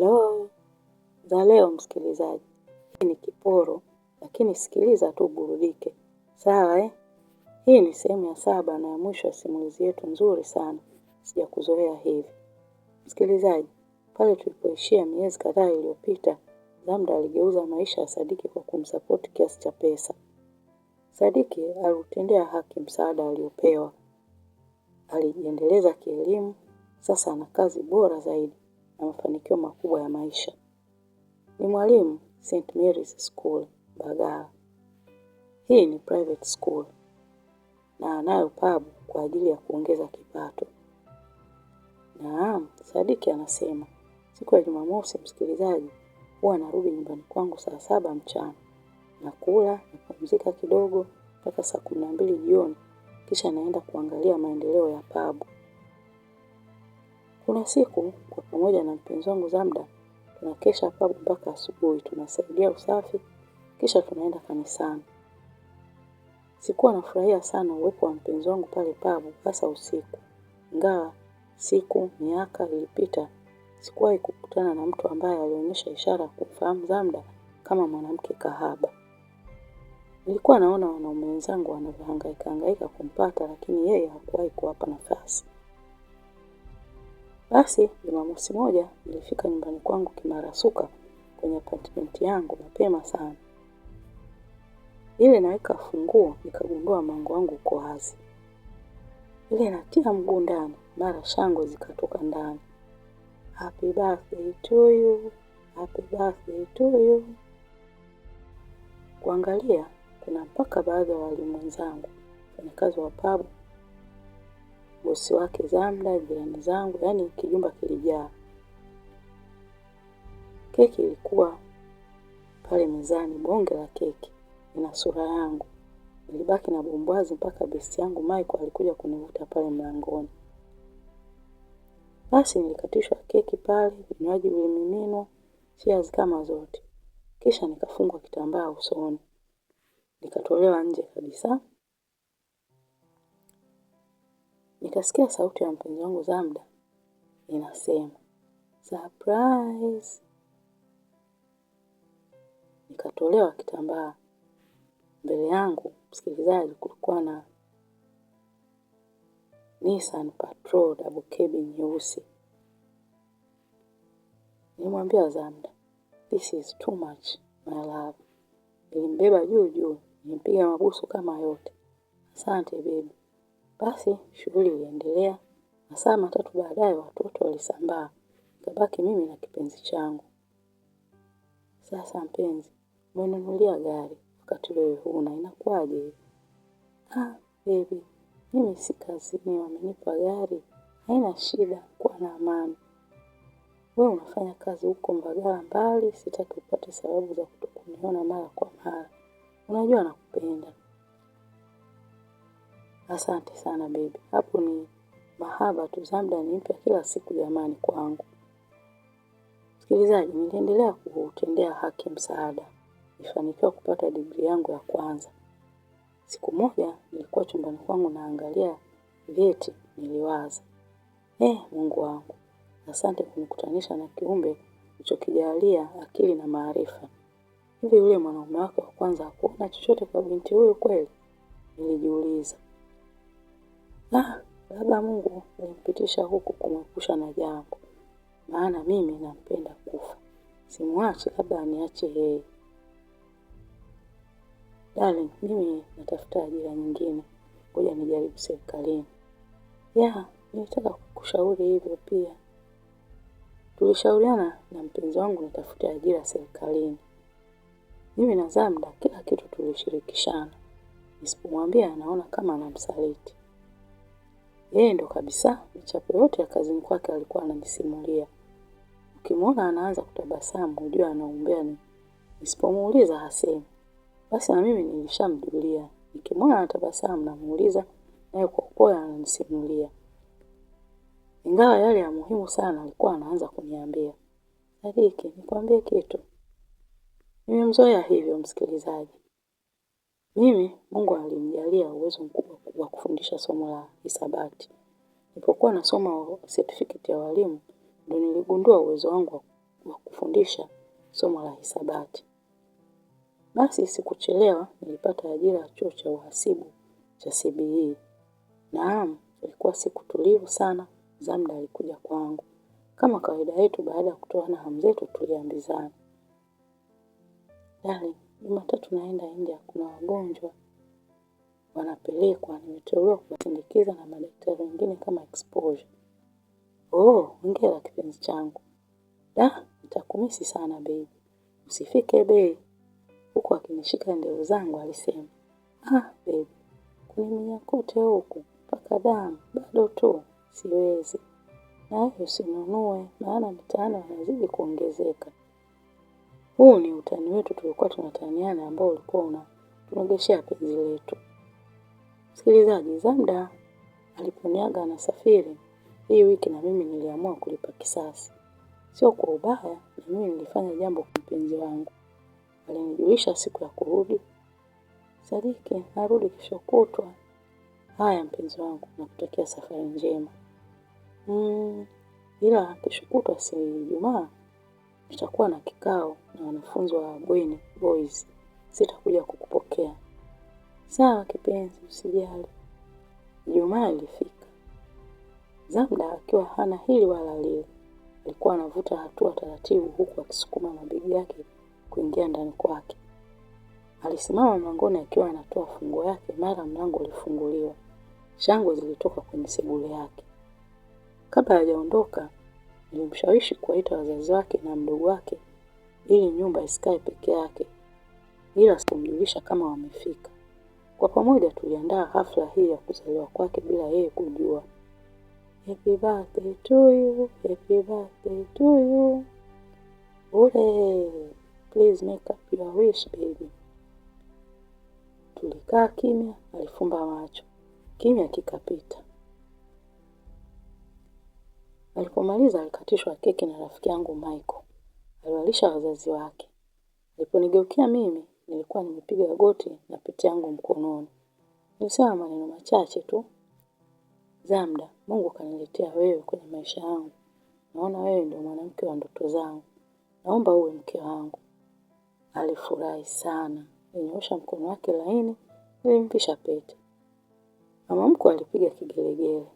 Halo za leo msikilizaji, hii ni kiporo lakini sikiliza tu burudike, sawa eh? Hii ni sehemu ya saba na ya mwisho ya simulizi yetu nzuri sana sijakuzoea hivi msikilizaji. Pale tulipoishia miezi kadhaa iliyopita, Lamda aligeuza maisha ya Sadiki kwa kumsapoti kiasi cha pesa. Sadiki aliutendea haki msaada aliopewa, alijiendeleza kielimu. Sasa ana kazi bora zaidi na mafanikio makubwa ya maisha. Ni mwalimu St. Mary's School Bagala. Hii ni private school na anayo pub kwa ajili ya kuongeza kipato. Naam, Sadiki anasema siku ya Jumamosi, msikilizaji, huwa anarudi nyumbani kwangu saa saba mchana na kula napumzika kidogo mpaka saa kumi na mbili jioni, kisha naenda kuangalia maendeleo ya pabu. Kuna siku kwa pamoja na mpenzi wangu Zamda tunakesha pub mpaka asubuhi, tunasaidia usafi kisha tunaenda kanisani. Sikuwa nafurahia sana uwepo wa mpenzi wangu pale pabu, hasa usiku, ingawa siku miaka ilipita sikuwahi kukutana na mtu ambaye alionyesha ishara ya kumfahamu Zamda kama mwanamke kahaba. Nilikuwa naona wanaume wenzangu wanavyohangaika hangaika kumpata, lakini yeye hakuwahi kuwapa nafasi. Basi Jumamosi moja nilifika nyumbani kwangu kimarasuka kwenye apartment yangu mapema sana. Ile naweka funguo nikagundua mlango wangu uko wazi. Ile natia mguu ndani, mara shangwe zikatoka ndani. Happy birthday to you, happy birthday to you. Kuangalia kuna mpaka baadhi ya walimu wenzangu, wafanyakazi wa pabu bosi wake Zamda, jirani zangu, yaani kijumba kilijaa. Keki ilikuwa pale mezani, bonge la keki ina sura yangu. Nilibaki na bombwazi mpaka besti yangu Michael alikuja kunivuta pale mlangoni. Basi nilikatishwa keki pale, vinywaji vilimiminwa cheers kama zote, kisha nikafungwa kitambaa usoni, nikatolewa nje kabisa nikasikia sauti ya mpenzi wangu Zamda inasema surprise. Nikatolewa kitambaa mbele yangu, msikilizaji, kulikuwa na Nissan Patrol double cabin nyeusi. Nilimwambia Zamda, this is too much my love. Nilimbeba juu juu, nilimpiga mabusu kama yote. Asante baby. Basi shughuli iliendelea. Masaa matatu baadaye watoto walisambaa, kabaki mimi na kipenzi changu. Sasa mpenzi, umenunulia gari wakati wewe huna, inakuwaje? Ah, baby, mimi si kazini, wamenipa gari, haina shida, kuwa na amani. Wewe unafanya kazi huko Mbagala mbali, sitaki upate sababu za kutokuniona mara kwa mara. Unajua nakupenda. Asante sana bebi, hapo ni mahaba tu, Zamda ni mpya kila siku jamani kwangu. Msikilizaji, niliendelea kuutendea haki msaada, nifanikiwa kupata digrii yangu ya kwanza. Siku moja nilikuwa chumbani kwangu naangalia vyeti, niliwaza eh, Mungu wangu, asante kunikutanisha na kiumbe ulichokijalia akili na maarifa. Hivi yule mwanaume wake wa kwanza hakuona chochote kwa binti huyu kweli? Nilijiuliza. Na Baba Mungu nimpitisha huku kumwepusha na jambo, maana mimi nampenda kufa, simwache labda aniache yeye. Darling, mimi natafuta ajira nyingine, ngoja nijaribu serikalini. Ya, nilitaka kukushauri hivyo pia. Tulishauriana na mpenzi wangu natafuta ajira serikalini. Mimi na Zamda kila kitu tulishirikishana, nisipomwambia anaona kama anamsaliti. Yeye ndo kabisa michapo yote ya kazini kwake alikuwa ananisimulia Ukimwona anaanza kutabasamu, ujue anaumbea. Nisipomuuliza hasemi. Basi na mimi nilishamjulia, nikimwona anatabasamu namuuliza, naye kwa upole ananisimulia, ingawa yale ya muhimu sana alikuwa anaanza kuniambia. Sadiki, nikwambie kitu, nimemzoea hivyo msikilizaji. Mimi Mungu alinijalia uwezo mkubwa wa kufundisha somo la hisabati. Nilipokuwa nasoma certificate ya walimu ndio niligundua uwezo wangu wa kufundisha somo la hisabati. Basi sikuchelewa nilipata ajira ya chuo cha uhasibu cha CBE. Naam, ilikuwa siku tulivu sana, Zamda alikuja kwangu. Kama kawaida yetu baada ya kutoana hamzetu tuliambizana. Darling, yaani, Jumatatu naenda India, kuna wagonjwa wanapelekwa, nimeteuliwa kuwasindikiza na madaktari wengine kama exposure. Oh, hongera kipenzi changu. Da, nitakumisi sana bebi, usifike bei huku akinishika ndevu zangu alisema. Ah bebi, kuniminya kote huku mpaka damu bado tu siwezi, na hiyo usinunue, maana mtaani wanazidi kuongezeka. Huu ni utani wetu tulikuwa tunataniana ambao ulikuwa una tunogeshea penzi letu. Msikilizaji, Zamda aliponiaga safiri hii wiki, na mimi niliamua kulipa kisasi, sio kwa ubaya, na mimi nilifanya jambo kwa mpenzi wangu. Alinijulisha siku ya kurudi, Sadiki, narudi kesho kutwa. Haya mpenzi wangu, nakutakia safari njema. Mm, ila kesho kutwa si Ijumaa, tutakuwa na kikao na wanafunzi wa bweni boys, sitakuja kukupokea. Sawa kipenzi, usijali. Jumaa alifika. Zamda akiwa hana hili wala lile, alikuwa anavuta hatua taratibu, huku akisukuma mabegi yake kuingia ndani kwake. Alisimama mlangoni akiwa anatoa funguo yake, mara mlango ulifunguliwa. Shangwe zilitoka kwenye sebule yake. Kabla hajaondoka, Nilimshawishi kuwaita wazazi wake na mdogo wake ili nyumba isikae peke yake, ila sikumjulisha kama wamefika. Kwa pamoja tuliandaa hafla hii ya kuzaliwa kwake bila yeye kujua. Happy birthday to you, happy birthday to you. Ule, please make up your wish baby. Tulikaa kimya, alifumba macho, kimya kikapita. Alipomaliza alikatishwa keki na rafiki yangu Michael. Aliwalisha wazazi wake. Aliponigeukia mimi nilikuwa nimepiga goti na pete yangu mkononi. Nilisema maneno machache tu. Zamda, Mungu kaniletea wewe kwenye maisha yangu. Naona wewe ndio mwanamke wa ndoto zangu. Naomba uwe mke wangu. Alifurahi sana. Ninyosha mkono wake laini, nilimpisha pete. Mama mkwe alipiga kigelegele.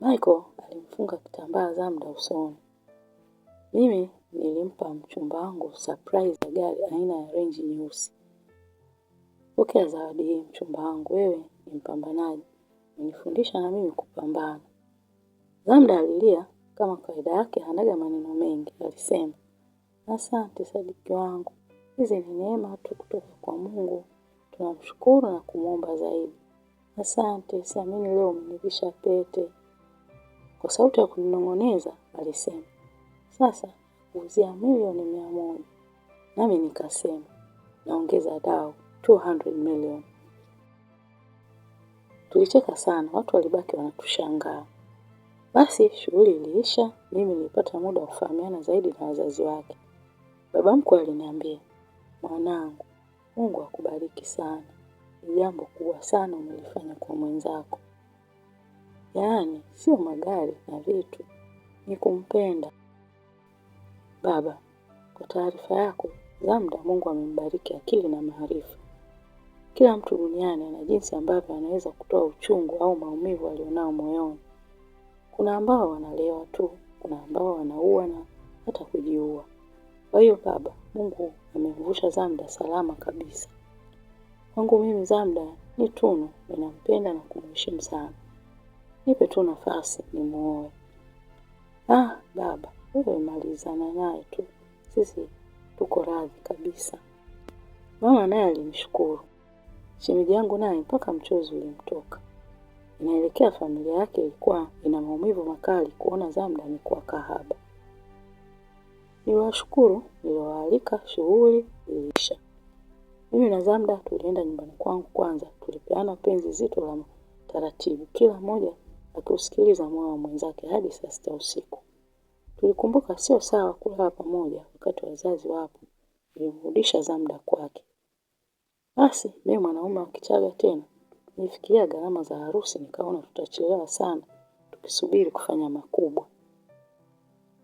Michael alimfunga kitambaa Zamda usoni. Mimi nilimpa mchumba wangu surprise ya gari aina ya renji nyeusi. Pokea zawadi hii mchumba wangu, wewe ni mpambanaji, unifundisha na mimi kupambana. Zamda alilia kama kawaida yake, hanaga maneno mengi. Alisema, asante sadiki wangu, hizi ni neema tu kutoka kwa Mungu, tunamshukuru na kumwomba zaidi. Asante, siamini leo umenivisha pete. Kwa sauti ya kuninong'oneza alisema, sasa uzia milioni mia moja. Nami nikasema naongeza dau 200 million. Tulicheka sana, watu walibaki wanatushangaa. Basi shughuli iliisha, mimi nilipata muda wa kufahamiana zaidi na wazazi wake. Baba mkwe aliniambia, mwanangu, Mungu akubariki sana, ni jambo kubwa sana umelifanya kwa mwenzako. Yaani sio magari na vitu, ni kumpenda. Baba, kwa taarifa yako, Zamda Mungu amembariki akili na maarifa. Kila mtu duniani ana jinsi ambavyo anaweza kutoa uchungu au maumivu alionao moyoni. Kuna ambao wanalewa tu, kuna ambao wanaua na hata kujiua. Kwa hiyo baba, Mungu amemvusha Zamda salama kabisa. Kwangu mimi Zamda ni tunu, ninampenda na kumheshimu sana nipe tu nafasi nimuoe. Ah, baba wewe malizana naye tu, sisi tuko radhi kabisa. Mama naye alimshukuru. Shemeji yangu naye mpaka mchozi ulimtoka. Inaelekea familia yake ilikuwa ina maumivu makali kuona Zamda amekuwa kahaba. Niliwashukuru, niliwaalika, shughuli iliisha. Mimi na Zamda tulienda nyumbani kwangu kwanza, tulipeana penzi zito la taratibu, kila mmoja akiusikiliza moyo wa mwenzake hadi saa sita usiku. Tulikumbuka sio sawa kulala pamoja wakati wazazi wapo, ilimrudisha Zamda kwake. Basi mimi mwanaume wa Kichaga tena nilifikiria gharama za harusi, nikaona tutachelewa sana tukisubiri kufanya makubwa.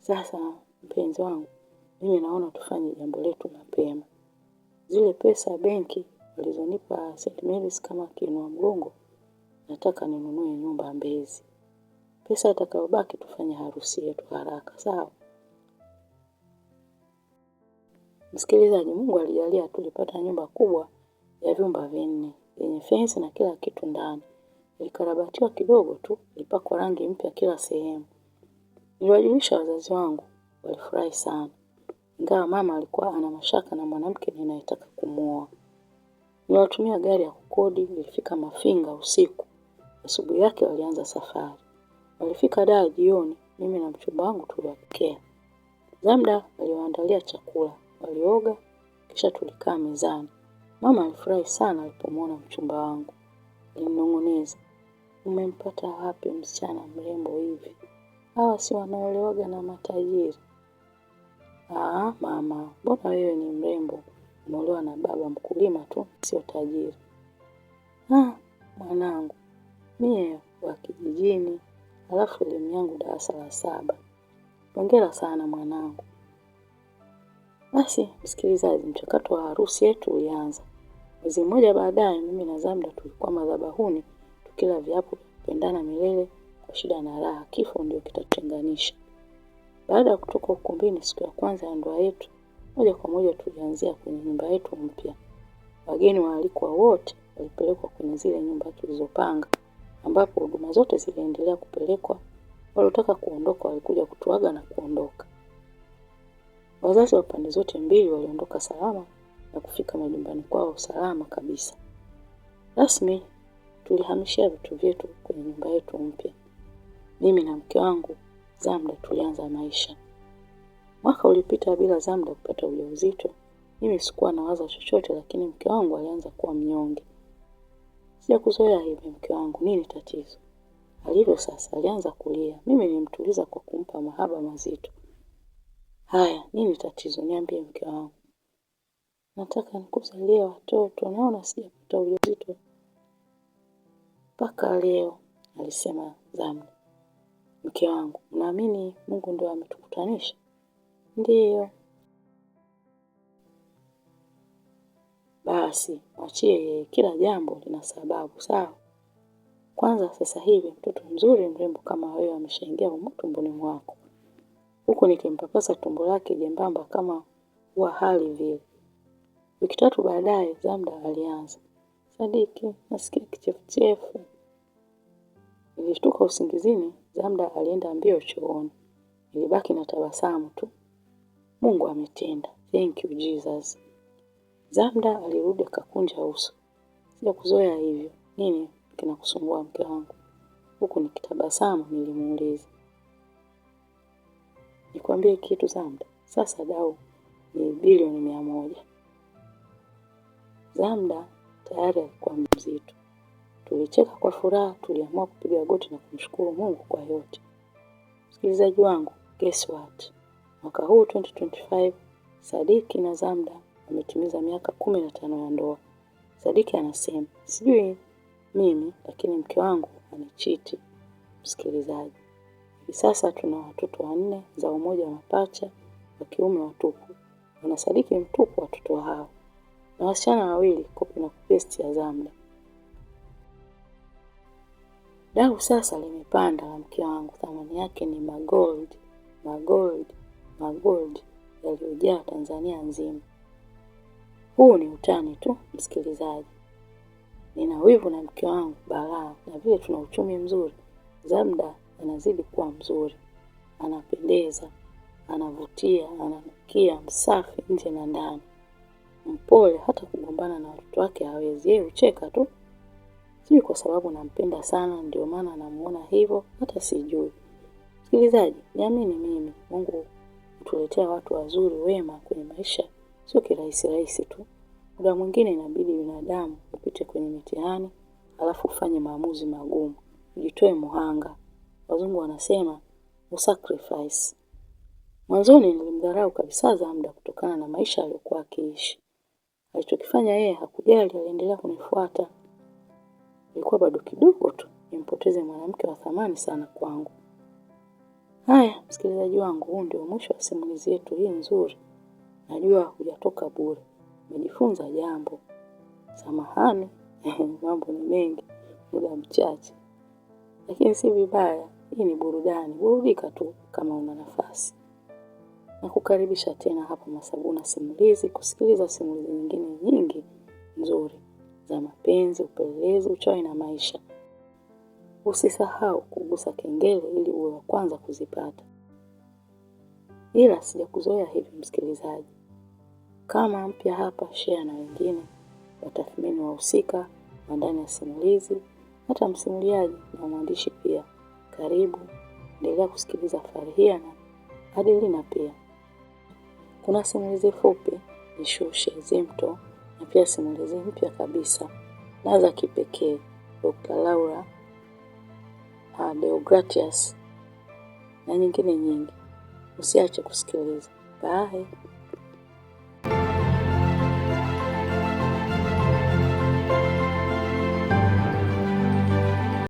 Sasa mpenzi wangu, mimi naona tufanye jambo letu mapema. Zile pesa benki walizonipa St. Mary's kama kiinua mgongo nataka ninunue nyumba Mbezi, pesa atakayobaki tufanye harusi yetu haraka, sawa? Msikilizaji, Mungu alijalia tulipata nyumba kubwa ya vyumba vinne yenye fensi na kila kitu ndani, ilikarabatiwa kidogo tu, ilipakwa rangi mpya kila sehemu. Niliwajulisha wazazi wangu, walifurahi sana, ingawa mama alikuwa ana mashaka na mwanamke ninayetaka kumwoa. Niliwatumia gari ya kukodi, ilifika Mafinga usiku. Asubuhi yake walianza safari. Walifika Dar jioni, mimi na mchumba wangu tuliwapokea. Zamda aliwaandalia chakula, walioga, kisha tulikaa mezani. Mama alifurahi sana alipomwona mchumba wangu, alimnong'oneza, umempata wapi msichana mrembo hivi? Hawa si wanaolewaga na matajiri? Aa, mama, mbona wewe ni mrembo, umeolewa na baba mkulima tu, sio tajiri. Ah, mwanangu, Mie wa kijijini, alafu elimu yangu darasa la saba. Hongera sana mwanangu. Basi msikilizaji, mchakato wa harusi yetu ulianza. Mwezi mmoja baadaye, mimi na Zamda tulikuwa madhabahuni tukila viapo kupendana milele kwa shida na raha. Kifo ndio kitatenganisha. Baada ya kutoka ukumbini siku ya kwanza ya ndoa yetu, moja kwa moja tulianzia kwenye nyumba yetu mpya. Wageni waalikwa wote walipelekwa kwenye zile nyumba tulizopanga ambapo huduma zote ziliendelea kupelekwa. Waliotaka kuondoka walikuja kutuaga na kuondoka. Wazazi wa pande zote mbili waliondoka salama na kufika majumbani kwao salama kabisa. Rasmi tulihamishia vitu vyetu kwenye nyumba yetu mpya. Mimi na mke wangu Zamda tulianza maisha. Mwaka ulipita bila Zamda kupata ujauzito. Mimi sikuwa nawaza chochote, lakini mke wangu alianza kuwa mnyonge. Sijakuzoea hivi mke wangu, nini tatizo? Alivyo sasa, alianza kulia. Mimi nimtuliza kwa kumpa mahaba mazito. Haya, nini tatizo? Niambie mke wangu. Nataka nikuzalie watoto, naona sijapata ujauzito mpaka leo, alisema Zamna. Mke wangu, naamini Mungu ndio ametukutanisha. Ndiyo, Basi achie kila jambo lina sababu, sawa. Kwanza sasa hivi mtoto mzuri mrembo kama wewe ameshaingia humo tumboni mwako, huku nikimpapasa tumbo lake jembamba kama wa hali vile. Wiki tatu baadaye Zamda alianza, Sadiki, nasikia kichefuchefu. Nilishtuka usingizini. Zamda alienda mbio chooni, nilibaki na tabasamu tu. Mungu ametenda, thank you Jesus. Zamda alirudi akakunja uso. kuzoea hivyo, nini kinakusumbua mke wangu? Huku nikitabasamu nilimuuliza. Nikwambie kitu Zamda, sasa dau ni bilioni mia moja. Zamda tayari alikuwa mzito. Tulicheka kwa furaha, tuliamua kupiga goti na kumshukuru Mungu kwa yote. Msikilizaji wangu, guess what? Mwaka huu 2025 Sadiki na Zamda ametimiza miaka kumi na tano ya ndoa. Sadiki anasema sijui mimi, lakini mke wangu anichiti Msikilizaji, hivi sasa tuna watoto wanne za umoja wa mapacha wa kiume watupu, wanasadiki mtupu watoto hao na wasichana wawili, kopi na kupesti ya Zamda. Dau sasa limepanda la mke wangu, thamani yake ni magold magold magold yaliyojaa Tanzania nzima. Huu ni utani tu, msikilizaji. Nina wivu na mke wangu Balaa, na vile tuna uchumi mzuri. Zamda anazidi kuwa mzuri, anapendeza, anavutia, ananukia, msafi nje na ndani, mpole, hata kugombana na watoto wake hawezi. Yeye hucheka tu, sijui kwa sababu nampenda sana, ndio maana namuona hivyo, hata sijui. Msikilizaji, niamini mimi, Mungu hutuletea watu wazuri wema kwenye maisha sio kirahisi rahisi tu. Muda mwingine inabidi binadamu upite kwenye mitihani, alafu ufanye maamuzi magumu, ujitoe muhanga. Wazungu wanasema usacrifice. Mwanzoni nilimdharau kabisa Zamda kutokana na maisha aliyokuwa akiishi. Alichokifanya yeye hakujali, aliendelea kunifuata. Ilikuwa bado kidogo tu nimpoteze mwanamke wa thamani sana kwangu. Haya, msikilizaji wangu, huu ndio mwisho wa simulizi yetu hii nzuri najua hujatoka bure, umejifunza jambo. Samahani, mambo ni mengi, muda mchache, lakini si vibaya. Hii ni burudani, burudika tu kama una nafasi. Nakukaribisha tena hapa Masabuna Simulizi kusikiliza simulizi nyingine nyingi nzuri za mapenzi, upelelezi, uchawi na maisha. Usisahau kugusa kengele ili uwe wa kwanza kuzipata. Ila sijakuzoea hivi msikilizaji, kama mpya hapa, share na wengine, watathmini wahusika wa ndani ya simulizi, hata msimuliaji na mwandishi pia. Karibu, endelea kusikiliza Farihiana hadi Lina. Pia kuna simulizi fupi Nishushe, Zimto na pia simulizi mpya kabisa na za kipekee Dr. Laura ah, Deogratias na nyingine nyingi. Usiache kusikiliza. Bye.